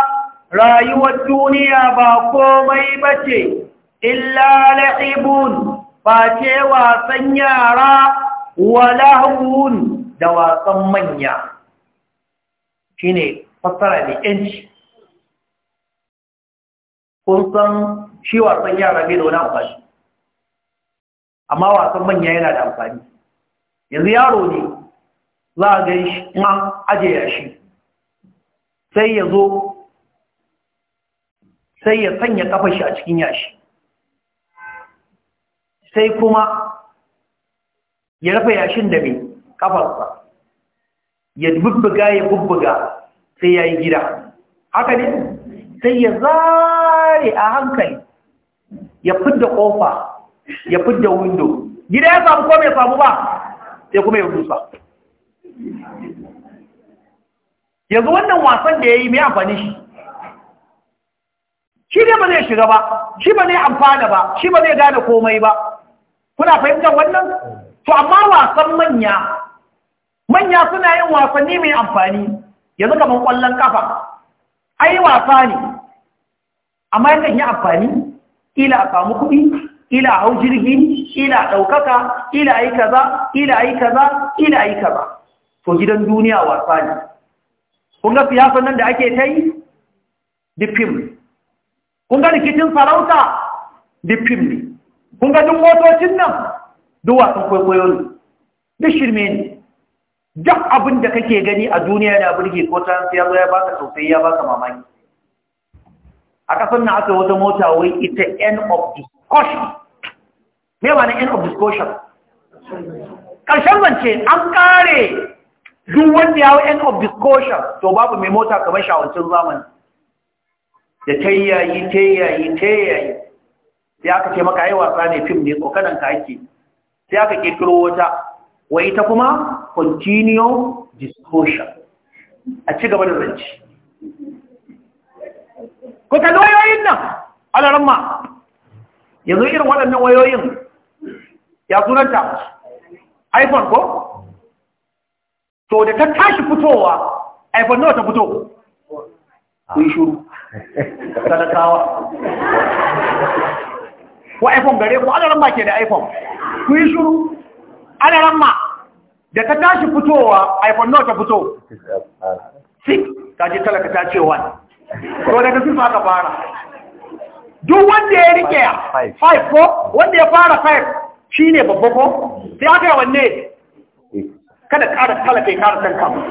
رأي والدنيا باقوم يبتي إلا لعب فاتي وسنيارا ولهون da wasan manya shi ne fassara mai yanci kun san shi wasan yara bai da wani amfani amma wasan manya yana da amfani yanzu yaro ne za a gai shi ma ajiye shi sai ya zo sai ya sanya kafa shi a cikin yashi sai kuma ya rafa yashin da mai kafarsa ya bubbuga ya bubbuga sai ya yi gida haka ne sai ya zare a hankali ya fidda ƙofa ya fidda windo gida ya samu ko bai samu ba sai kuma ya rusa yanzu wannan wasan da ya yi mai amfani shi shi ne ba zai shiga ba shi ba zai amfana ba shi ba zai gane komai ba kuna fahimtar wannan to amma wasan manya manya suna yin wasanni mai amfani yanzu kamar kwallon kafa ai wasa ne amma yakan yi amfani ila a samu kuɗi ila a hau jirgi ila a ɗaukaka ila a yi kaza ila a yi kaza ila a yi kaza to gidan duniya wasa ne kun ga siyasan nan da ake ta yi ne. kun ga rikicin sarauta difim ne kun ga duk motocin nan duk wasan kwaikwayo ne duk shirme ne duk abin da kake gani a duniya na burge ko ta ya zo ya baka tausayi ya baka mamaki a kasar na aka wata mota wai ita end of discussion me ba na end of discussion ƙarshen zance an ƙare duk wanda ya end of discussion to babu mai mota kamar shawancin zamani da ta yi yayi ta yi yayi ta yi yayi sai aka ce maka yi wasa ne fim ne tsokanan ka ake sai aka ƙirƙiro wata wai ita kuma continue discussion a ci gaba da ranci ku kalli wayoyin nan alarma yanzu irin waɗannan wayoyin ya sunanta iphone ko to da ta tashi fitowa iphone nawa ta fito ku yi shuru talakawa ko iphone gare ku alarma ke da iphone ku yi shuru alarma da ta tashi fitowa iphone nawa ta fito 6 ta je talaka ta ce 1 to daga sun fara duk wanda ya rike 5 ko wanda ya fara 5 shi ne babba ko sai aka wanne kada ƙara talaka ya ƙara san mu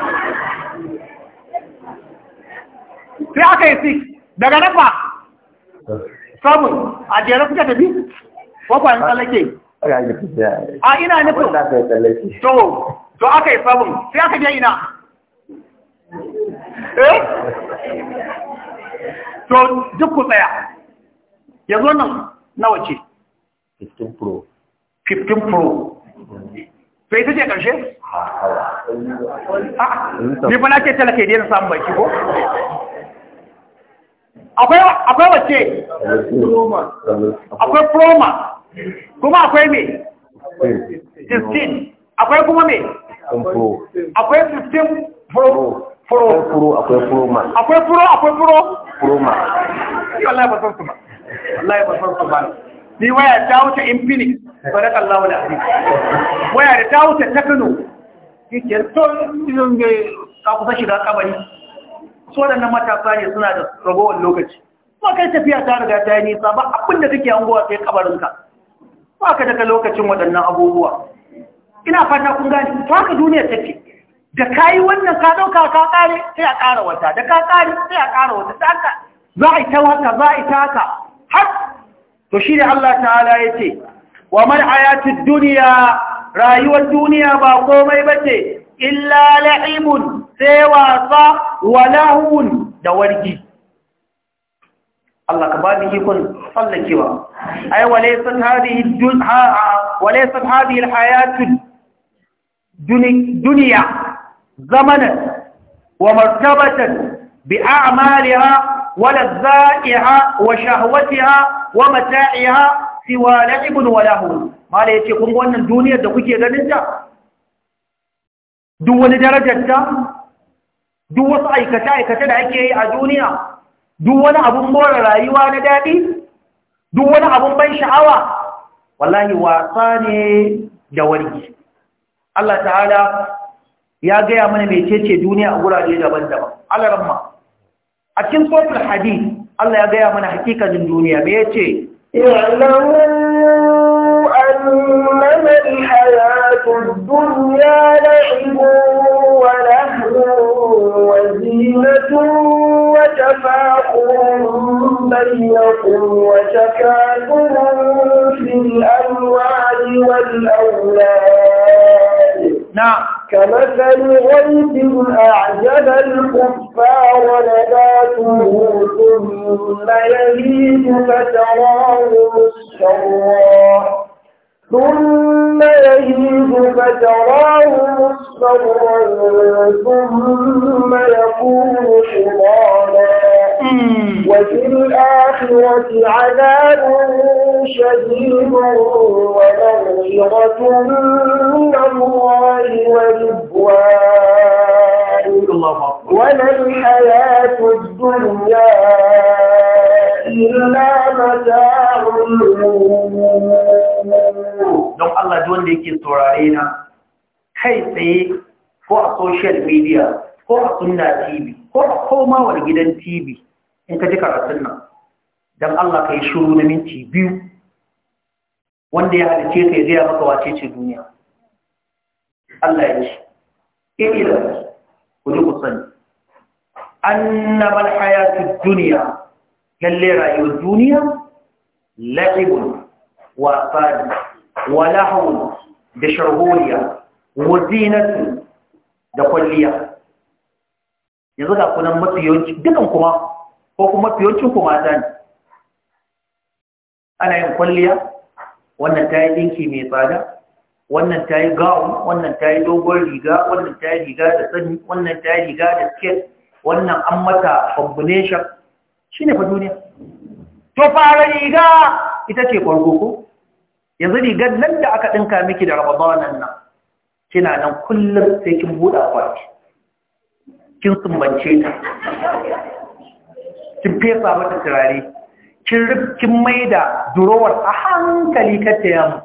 sai aka yi 6 daga nafa a jere suka tafi kwakwan a ina nufin to to aka yi sabon sai aka biya ina eh? to duk ku tsaya ya zo nan nawa ce 15 pro 15 pro sai ta ce ƙarshe? Ah, ni fa na ce talaka idai na samun baki ko? akwai wacce? akwai proma kuma akwai me 16 akwai kuma me akwai 15 furo furo akwai furo ma akwai furo akwai furo furo ma wallahi ba san su ba wallahi ba san su ba ni waya ta wuce infinix sadaka Allah wal azim waya da ta wuce techno kike to idan ga ka kusa shiga kabari so da nan matasa ne suna da ragowar lokaci kuma kai tafiya ta riga ta yi nisa ba abinda da kake hangowa sai kabarinka ba ka daga lokacin waɗannan abubuwa ina fata kun gane to haka duniya take da ka yi wannan ka ɗauka ka ƙare sai a ƙara wata da ka ƙare sai a ƙara wata da haka za a yi ta haka za a yi ta haka har to shi ne Allah ta'ala ya ce wa man hayatid duniya rayuwar duniya ba komai bace illa la'ibun sai wasa wa lahun da wargi Allah ka ba bani ikon tsallakewa ai Wale hadhihi dunya walaysat duniya alhayatu dunya zamanan wa martabatan bi a'maliha wa lazaiha wa shahwatiha wa mata'iha siwa la'ibun wa lahu mala yace kun wannan duniyar da kuke ganin ta duk wani darajar ta duk wasu aikata-aikata da ake yi a duniya duk wani abun more rayuwa na daɗi duk wani abun ban sha'awa wallahi wasa ne da wargi Allah ta'ala ya gaya mana mecece duniya a gurare daban-daban alaramma a cikin sofin hadith Allah ya gaya mana hakikanin duniya me yace ya'lamu annama al-hayatu ad-dunya la'ibun wa lahwun wa zinatun وتفاخر بينكم وتكاثر في الأموال والأولاد نعم كمثل غيث أعجب الكفار نباته ثم يزيد فتراه مصفرا ثم يهيج فتراه مصفرا ثم يقول حضاما وفي الآخرة عذاب شديد ومغفرة من الله ورضوان وما الحياة الدنيا don Allah ji wanda yake saurare na kai tsaye ko a social media ko a sunna TV ko a koma wani gidan TV in ka ji karatun nan don Allah ka yi shuru na minti biyu wanda ya halice ka yi zai maka wace ce duniya Allah ya ce ƙi'ilar ku ji ku sani annabar hayatun duniya lalle rayuwar duniya la'ibun wasa wa da sharhuriya wa da kwalliya yanzu ga kunan mafi yawanci dukan kuma ko kuma mafi yawancin kuma ta ne ana yin kwalliya wannan ta yi ɗinki mai tsada wannan ta yi gawun wannan ta yi dogon riga wannan ta yi riga da sani wannan ta yi riga da skirt wannan an mata combination ne fa duniya to fara riga ita ce kwarkoko yanzu rigar nan da aka ɗinka miki da rabadanan nan kina nan kullum sai kin buɗa kwarki kin sumbance ta kin fesa mata turare kin mai da durowar a hankali kace yamma.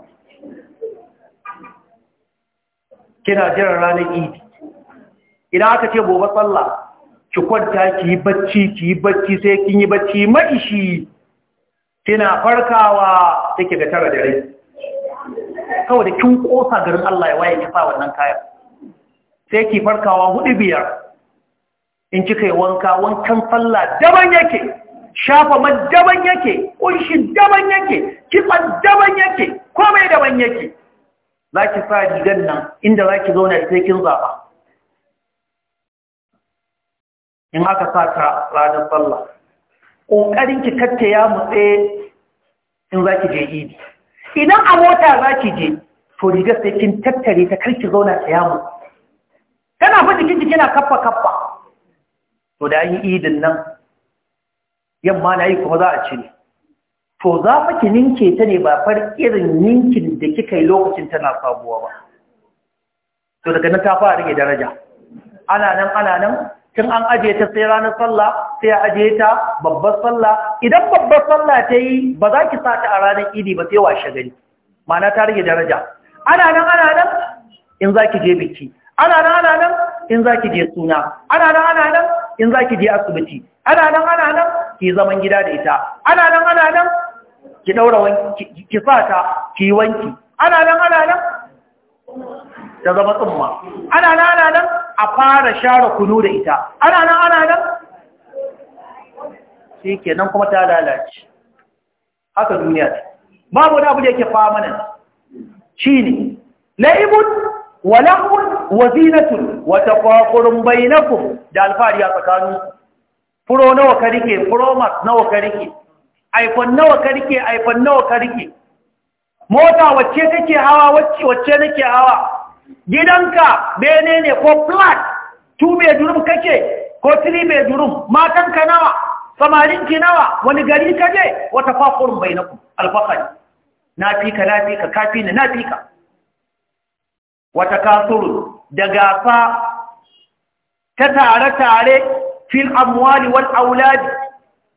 kina jiran ranar idi idan aka ce gobe sallah ki kwanta ki yi bacci ki yi bacci sai kin yi bacci maishi kina farkawa take ga tara dare kawai da kin kosa garin Allah ya waye ki sa wannan kayan sai ki farkawa hudu biyar in kika yi wanka wankan sallah daban yake shafa man daban yake kunshi daban yake kitsan daban yake komai daban yake zaki sa rigar nan inda zaki zauna sai kin zaba in aka sa ka ranar sallah ƙoƙarin ki katta ya mutse in za ki je idi idan a mota za ki je to riga sai kin tattare ta karki zauna ta yamu tana fa jikin kina na kaffa kaffa to da an yi idin nan yamma na yi kuma za a cire to za fa ki ninke ta ne ba far irin ninkin da kika yi lokacin tana sabuwa ba to daga nan ta fara rage daraja ana nan ana nan tun an ajiye ta sai ranar sallah sai a ajiye ta babbar sallah idan babbar sallah ta yi ba za ki sa ta a ranar idi ba sai washe gari ma'ana ta rage daraja ana nan ana nan in za ki je biki ana nan ana nan in za ki je suna ana nan ana nan in za ki je asibiti ana nan ana nan ki zaman gida da ita ana nan ana nan ki daura wanki ki sa ta ki wanki ana nan ana nan ta zama tsumma ana nan ana nan a fara share kunu da ita ana nan ana nan sai kenan kuma ta lalace haka duniya ce babu wani abu da yake nan. shi ne la'ibun wa lahun wa zinatun wa taqaqurun bainakum da a tsakanin furo nawa ka rike furo mas nawa ka rike iphone nawa ka rike iphone nawa ka rike mota wacce kake hawa wacce wacce nake hawa gidanka bene ne ko flat tu two durum kake ko three durum? matanka nawa samarinki nawa wani gari ka je wata fakurun ku alfakari na fika na fika kafi ne na fika wata kasuru daga fa ta tare-tare fil amwali wal auladi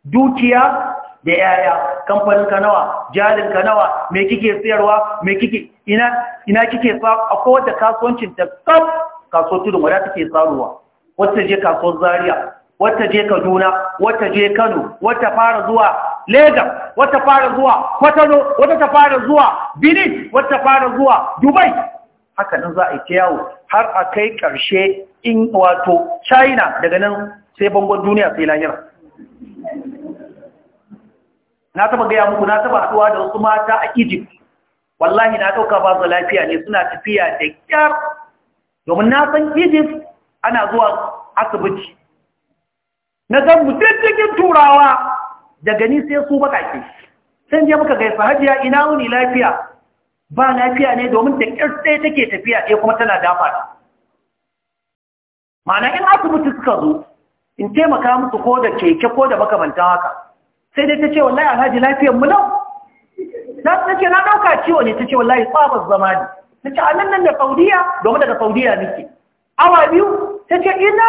dukiya da yaya kamfanin kanawa nawa jalin nawa me kike sayarwa me kike ina ina kike fa akwai wata kasuwancin ta sab kasuwar tudun wadda take saruwa wata je kasuwar zaria wata je kaduna wata je kano wata fara zuwa Legas wata fara zuwa Kwatano wata ta fara zuwa Benin wata fara zuwa Dubai haka nan za a yi ta yawo har a kai ƙarshe in wato China daga nan sai bangon duniya sai lahira na taba gaya muku na taba haɗuwa da wasu mata a Egypt wallahi na ɗauka ba su lafiya ne suna tafiya da kyar domin na san Egypt ana zuwa asibiti na gan mutum turawa daga ni sai su baka ke sai je muka gaisa hajiya ina wuni lafiya ba lafiya ne domin da kyar ɗaya take tafiya ɗaya eh, kuma tana dafa ta ma'ana in asibiti suka zo in taimaka musu ko da keke ko da makamantan haka sai dai ta ce wallahi alhaji lafiyar mu lau na ce na ɗauka ciwo ne ta ce wallahi tsabar zama ne ta ce a nan nan da faudiya domin daga faudiya miki. awa biyu ta ce ina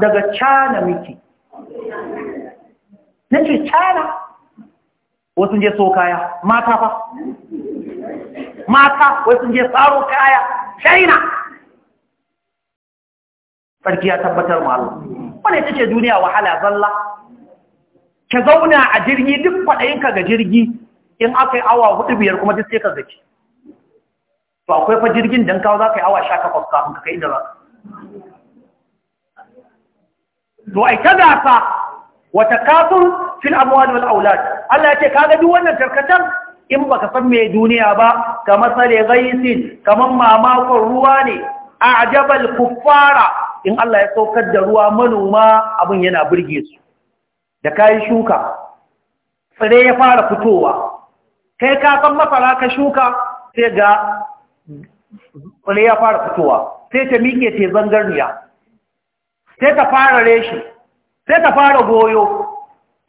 daga cana muke na ce cana wasu je so kaya mata fa mata wasu je tsaro kaya china sarki ya tabbatar mu Allah ta ce duniya wahala zalla ka zauna a jirgi duk kwaɗayinka ga jirgi in aka yi awa hudu biyar kuma duk sai ka gaji to akwai fa jirgin don kawo za ka yi awa sha takwas kafin ka kai da za ka to ai ta gasa wata kafin fil amwal wal aulad Allah ya ce kaga duk wannan tarkatan in baka san me duniya ba kamar sare gaisin kamar mamakon ruwa ne a ajabal kuffara in Allah ya saukar da ruwa manoma abin yana burge su da kayi shuka tsire ya fara fitowa kai ka san masara ka shuka sai ga tsire ya fara fitowa sai ta miƙe te zangarniya sai ta fara reshi sai ta fara goyo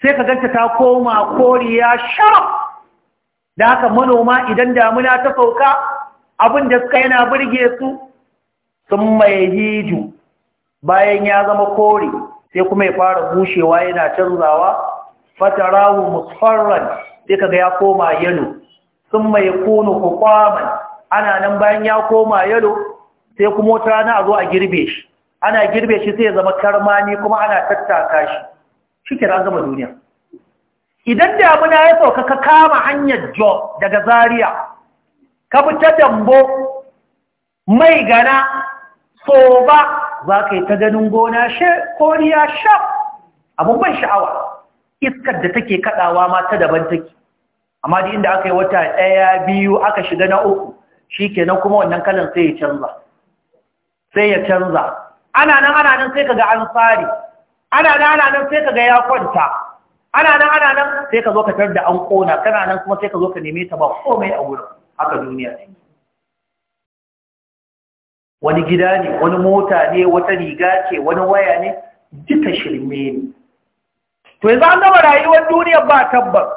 sai ka ganta ta koma koriya sharaf da haka manoma idan damuna ta sauka abin da suka yana birge su sun mai hiju bayan ya zama kori sai kuma ya fara bushewa yana canzawa fatarahu musfarran sai kaga ya koma yalo mai yakunu huqaman ana nan bayan ya koma yalo sai kuma wata rana a zo a girbe shi ana girbe shi sai ya zama karmani kuma ana tattaka shi shike an gama duniya idan damuna ya sauka ka kama hanyar jo daga zaria ka fita dambo mai gana ba za ka yi ta ganin gona shi koriya shaf abin ban sha'awa iskar da take kaɗawa ma ta daban take amma da inda aka yi wata ɗaya biyu aka shiga na uku shi kenan kuma wannan kalan sai ya canza sai ya canza ana nan ana nan sai kaga an tsari ana nan ana nan sai kaga ya kwanta ana nan ana nan sai ka zo ka tar da an kona kana nan kuma sai ka zo ka neme ta ba komai a wurin haka duniya ne wani gida ne wani mota ne wata riga ce wani waya ne duka shirme ne to yanzu an gama rayuwar duniyar ba tabbas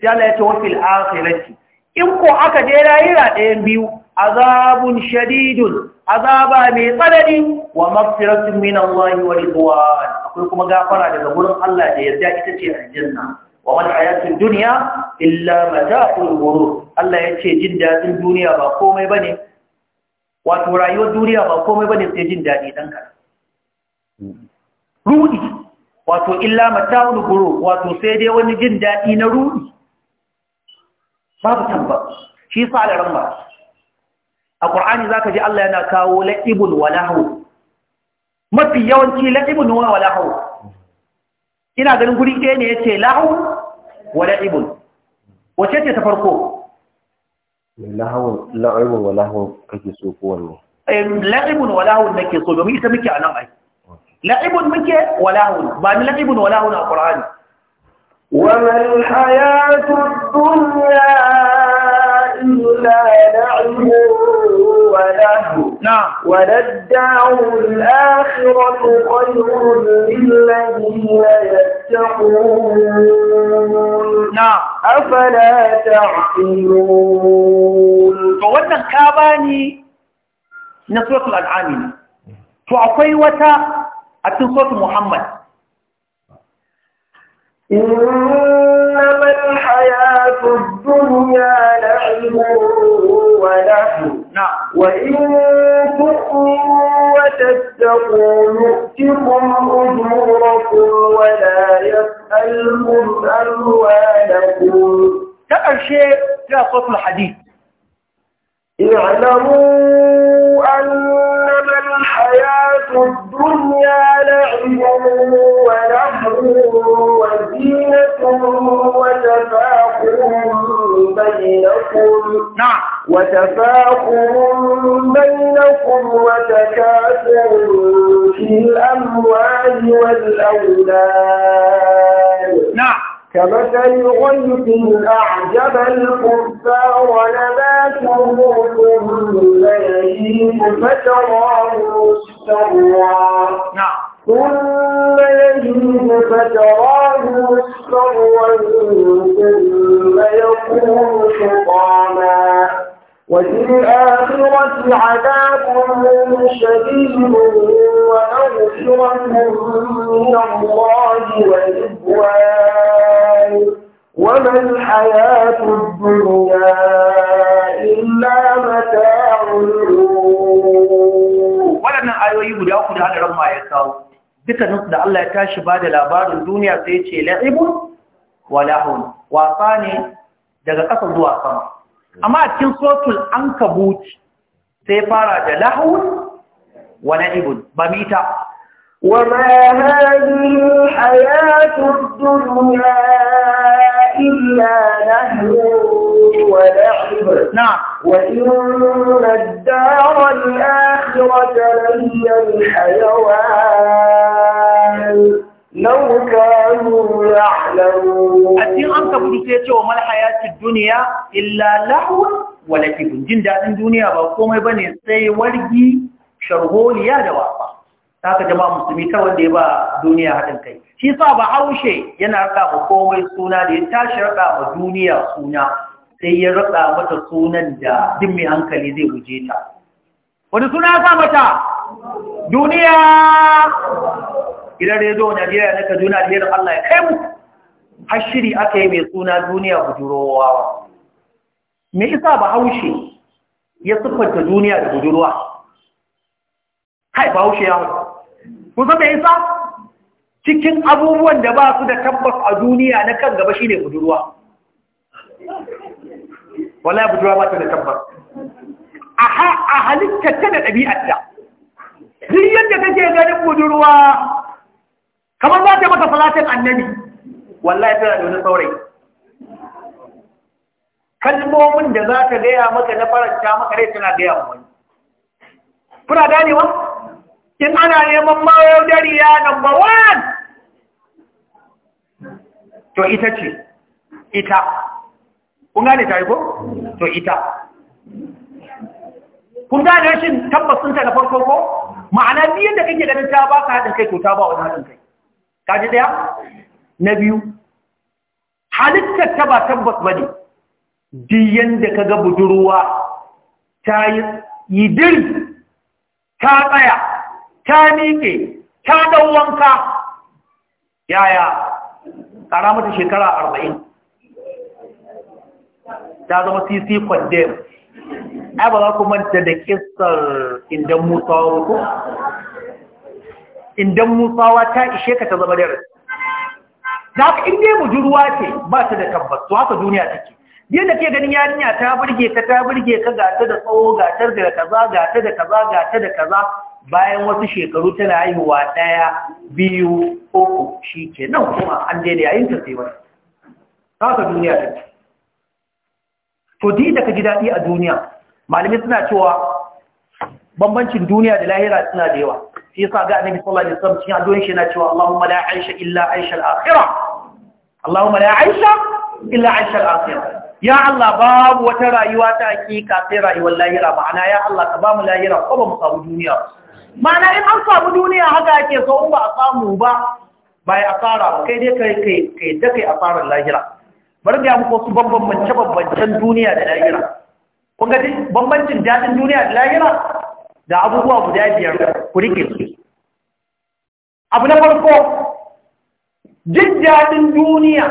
sai Allah ya ce wa fil akhirati in ko aka je rayuwa ɗayan biyu azabun shadidun azaba mai tsanani wa maghfiratun min Allah wa ridwan akwai kuma gafara daga wurin Allah da yarda ita ce aljanna wa man hayatud dunya illa mata'ul ghurur Allah yace jin dadin duniya ba komai bane wato rayuwar duniya ba komai ba ne sai jin daɗi ɗan ka Ruɗi wato illa mata'ul guru wato sai dai wani jin daɗi na ruɗi. babu tamba shi sa da ramba a ƙur'ani za ka ji Allah yana kawo la'ibun la'ibul walahu mafi yawanci la'ibul wa walahu ina ganin guri ɗaya ne yace lahu wa la'ibul wace ce ta farko la'ibun wa lahun kake so kowanne la'ibun wa lahun nake so domin ita muke a nan ai la'ibun muke wa lahun ba ni la'ibun wa lahun a qur'ani wa mal hayatu dunya illa la'ibun وله نعم وللدار الآخرة خير للذين يتقون نعم أفلا تعقلون فوانا كاباني نصرة الأنعام فأقوي وتا أتصوت محمد إنما الحياة الدنيا وإن تؤمنوا وتتقوا نؤتكم أجوركم ولا يسألكم أموالكم شيء لا صوت الحديث اعلموا أنما الحياة الدنيا لعب ولهو وزينة وتفاعل بينكم نعم وتفاخر بينكم وتكاثر في الأموال والأولاد نعم كمثل غيث أعجب الكفار نباته ثم يهيج فتراه مستوى نعم ثم يجد فتراه مصفرا ثم يقول سقاما وفي الآخرة عذاب شديد ومغفرة من الله ورضوان وما الحياة الدنيا إلا متاع الغرور. ولنا آيوي بدأ أخذ هذا الرمى يساوي dukkaninsu da Allah ya tashi ba da labarin duniya sai ce la'ibun wa lahun wasa ne daga ƙasa zuwa sama amma a cikin sotul an kabuci sai fara da lahun wa la'ibun ba mita وما هذه الحياة الدنيا إلا لهو ولعب نعم وإن الدار الآخرة لهي الحيوان لو كانوا يعلمون أتين أنت بلوتيتي وما الحياة الدنيا إلا لهو ولكن جن دادin duniya ba komai bane sai wargi sharholiya da wasa haka jama'a musulmi ta wanda ya ba duniya haɗin kai shi sa ba haushe yana raka ba komai suna da ya tashi raka ba duniya suna sai ya raɗa mata sunan da duk mai hankali zai guje ta wani suna sa mata duniya gidan rezo najeriya na kaduna alherin allah ya kai mu hashiri aka yi mai suna duniya bujurowa me isa ba haushe ya siffanta duniya da budurwa Hai ba haushe yawon kun san me isa cikin abubuwan da ba su da tabbas a duniya na kan gaba shi ne budurwa wallahi budurwa ba ta da tabbas a halittar ta da ɗabi'arta duk yadda take ganin budurwa kamar za ta maka salatin annabi wallahi tana da wani saurayi kalmomin da za ta gaya maka na faranta maka rai tana gaya wa wani kuna ganewa in ana neman mawayar dariya number one to ita ce ita kun gane ta yi ko to ita kun gane rashin tabbas ta na farko ko ma'ana biyan da kake ganin ta ba ka haɗin kai to ta ba wani haɗin kai ka ji ɗaya na biyu halittar ta ba tabbas ba ne diyan da ka ga budurwa ta yi diri ta tsaya ta miƙe ta ɗan wanka yaya ƙara mata shekara arba'in ta zama cc condem ai ba za ku manta da kistar indan musawa ko indan musawa ta ishe ka ta zama dare za haka inda mu budurwa ce ba ta da tabbas to haka duniya take da ke ganin yarinya ta burge ka ta burge ka ga ta da tsawo ga ta da kaza ga ta da kaza ga ta da kaza bayan wasu shekaru tana haihuwa ɗaya biyu uku shi ke nan kuma an daidai yayin ta sai wani haka duniya take to duk da ka ji daɗi a duniya malamai suna cewa bambancin duniya da lahira suna da yawa shi yasa ga annabi sallallahu alaihi wasallam cikin addu'o'in shi yana cewa Allahumma la aisha illa aisha al-akhirah Allahumma la aisha illa aisha al-akhirah ya Allah babu wata rayuwa ta hakika sai rayuwar lahira ma'ana ya Allah ka bamu lahira ko ba mu samu duniya ma'ana in an samu duniya haka ake so in ba a samu ba bai asara kai dai kai kai kai da kai asarar lahira bari da muku wasu bambance-bambancen duniya da lahira kun ga bambancin daɗin duniya da lahira da abubuwa guda biyar ku rike su abu na farko jin daɗin duniya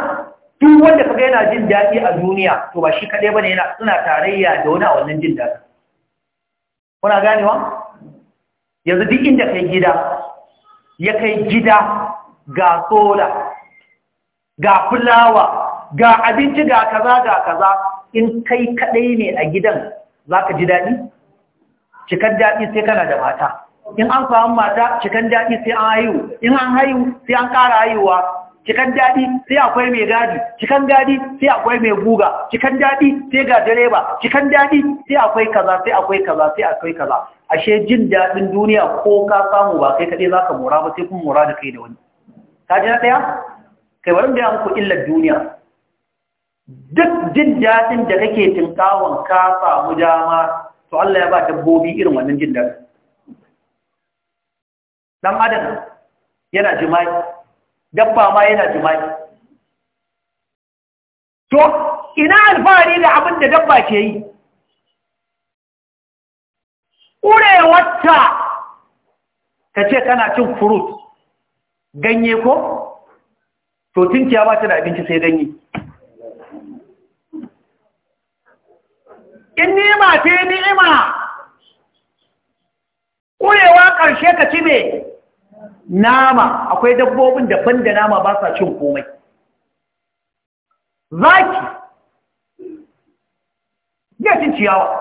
duk wanda kaga yana jin daɗi a duniya to ba shi kaɗai bane yana suna tarayya da wani a wannan jin daɗi kuna ganewa yanzu duk inda kai gida ya kai gida ga sola ga fulawa ga abinci ga kaza ga kaza in kai kadai ne a gidan zaka ji daɗi? cikan daɗi sai kana da mata in an samu mata cikan daɗi sai an haihu in an haihu sai an kara haihuwa cikan daɗi sai akwai mai gadi cikan dadi sai akwai mai guga cikan daɗi sai ga direba cikan daɗi sai akwai kaza sai akwai kaza sai akwai kaza ashe jin daɗin duniya ko ka samu ba kai kaɗai zaka mora ba sai kun mora da kai da wani ka ji na ɗaya kai bari da muku illar duniya duk jin daɗin da kake tinkawon ka samu dama to Allah ya ba dabbobi irin wannan jin daɗin dan adana yana jima'i dabba ma yana jima'i to ina alfahari da abin da dabba ke yi ƙurewarta ka ce kana cin furut ganye ko to tinkiya ba ta da abinci sai ganye in ni'ima ce ni'ima ƙurewa ƙarshe ka ci ne nama akwai dabbobin daban da nama ba sa cin komai zaki ya cin ciyawa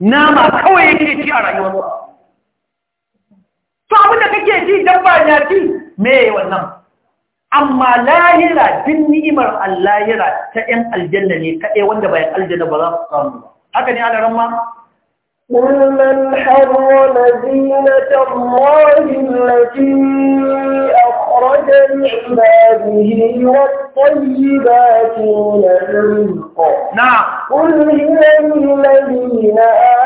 nama kawai yake ci a rayuwarsa to abinda kake ji dabba ya ci me wannan amma lahira din ni'imar allahira ta yan aljanna ne kaɗai wanda bayan aljanna ba za su samu ba haka ne ana ramma قل من حرم زينة الله التي أخرج العباده والطيبات من الرزق قل هي للذين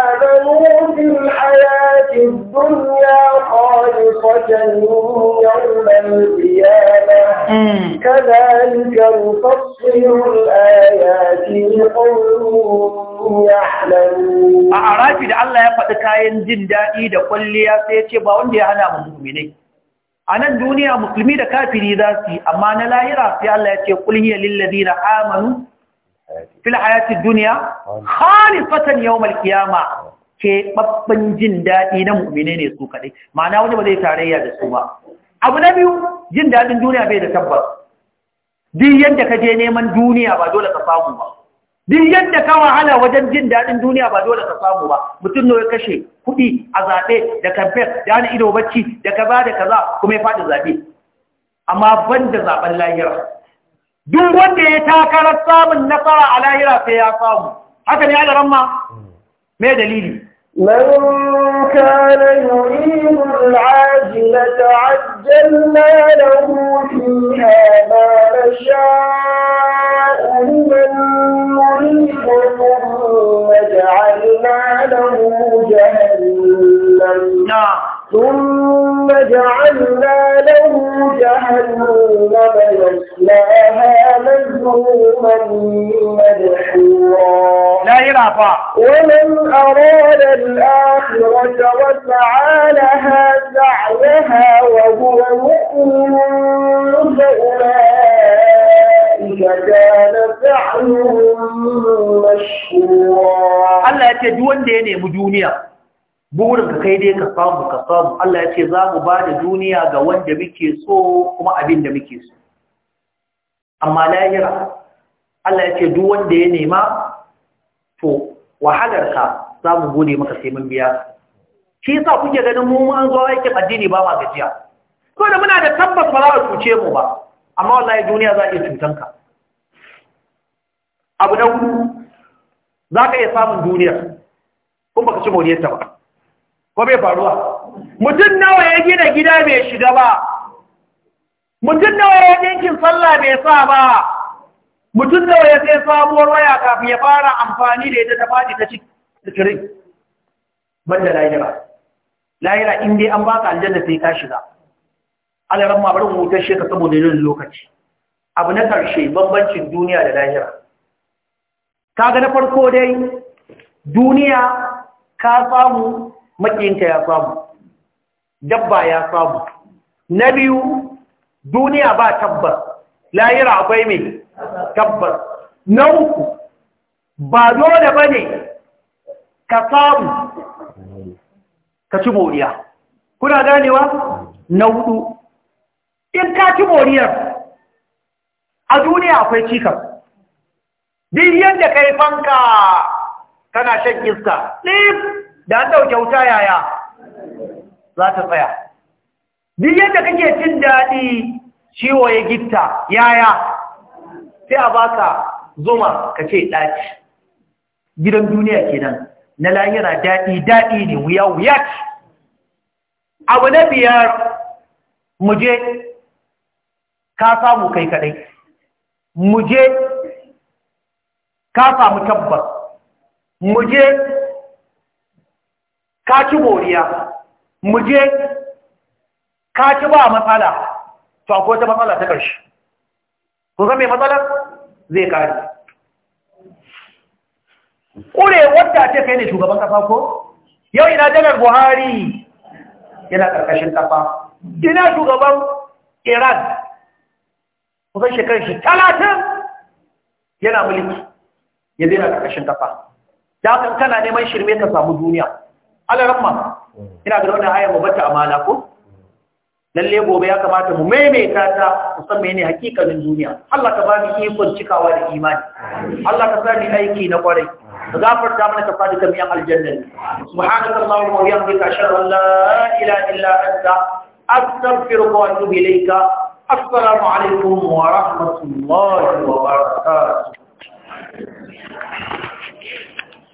آمنوا في الحياة الدنيا خالصة يوم القيامة كذلك نفصل الآيات لقوم يعلمون arafi الله Allah ya faɗi kayan jin daɗi da kwalliya sai ya ce a nan duniya musulmi da kafiri za su yi amma na lahira sai Allah ya ce kulhiyar lillazi na amanu fil duniya Hali yawmal qiyama ke babban jin daɗi na mu'mine ne su kaɗai ma'ana wani ba zai tarayya da su ba abu na biyu jin daɗin duniya bai da tabbas duk yadda ka je neman duniya ba dole ka samu ba Din yadda ka wahala wajen jin daɗin duniya ba dole ka samu ba mutum ne ya kashe kuɗi a zaɓe da kamfen da hana ido bacci da kaza da kaza kuma ya faɗi zaɓe amma ban da zaɓen lahira duk wanda ya takarar samun nasara a lahira sai ya samu haka ne ya ran ma hmm. me dalili من كان يريد العاجلة عجلنا له فيها ما نشاء لمن نريد ثم جعلنا له جهنم نعم ثم جعلنا له جهنم يصلاها مذموما مدحورا لا يرفع ومن أراد الآخرة وسعى لها سعيها وهو مؤمن فأولئك كان سعيهم مشكورا الله يتجون دينه بدونيه burin ka kai dai ka samu ka samu Allah ya ce za mu ba da duniya ga wanda muke so kuma abin da muke so amma lahira Allah ya ce duk wanda ya nema to wahalar ka za mu gode maka sai mun biya shi yasa kuke ganin mu an zo aikin addini ba ma gajiya ko da muna da tabbas ba za a cuce mu ba amma wallahi duniya za a iya cutan ka abu na hudu za ka iya samun duniya kuma baka ci moriyarta ba ko bai faruwa mutum nawa ya gina gida bai shiga ba mutum nawa ya ɗinkin sallah bai sa ba mutum nawa ya sai sabuwar waya kafin ya fara amfani da ita ta faɗi ta cikin banda lahira lahira in dai an baka aljanna sai ka shiga alaran ma bari mu tashe ka saboda yin lokaci abu na karshe bambancin duniya da lahira kaga na farko dai duniya ka samu makiyinka ya samu dabba ya samu na biyu duniya ba tabbas Layira akwai mai tabbas na uku ba dole ba ne ka samu ka ci moriya kuna ganewa na hudu in ka ci moriyar a duniya akwai cikas duk da ka yi fanka kana shan iska ɗin da an ɗauke wuta yaya za ta tsaya duk yadda kake cin daɗi ciwo ya gitta yaya sai a baka zoma ka ce ɗaci gidan duniya kenan na lahira daɗi daɗi ne wuya wuya abu na biyar muje ka samu kai kaɗai muje ka samu tabbas muje ka ci goriya mu je ka ci ba matsala to akwai ta matsala ta ƙarshe ku ga mai matsala zai kare ƙure wadda ce kai ne shugaban kafa ko yau ina janar buhari yana ƙarƙashin kafa ina shugaban iran kusan shekarar shi talatin yana mulki yanzu yana ƙarƙashin kafa da kankana neman shirme ka samu duniya ala ina ga wannan ayar mu bata amana ko lalle gobe ya kamata mu maimaita ta musamman ne hakikanin duniya Allah ka bani ikon cikawa da imani Allah ka sani aiki na kwarai ka gafarta mana ka fadi kamiyan aljanna subhanaka allahumma wa bihamdika ashhadu an la ilaha illa anta astaghfiruka wa atubu ilayka assalamu alaikum wa rahmatullahi wa barakatuh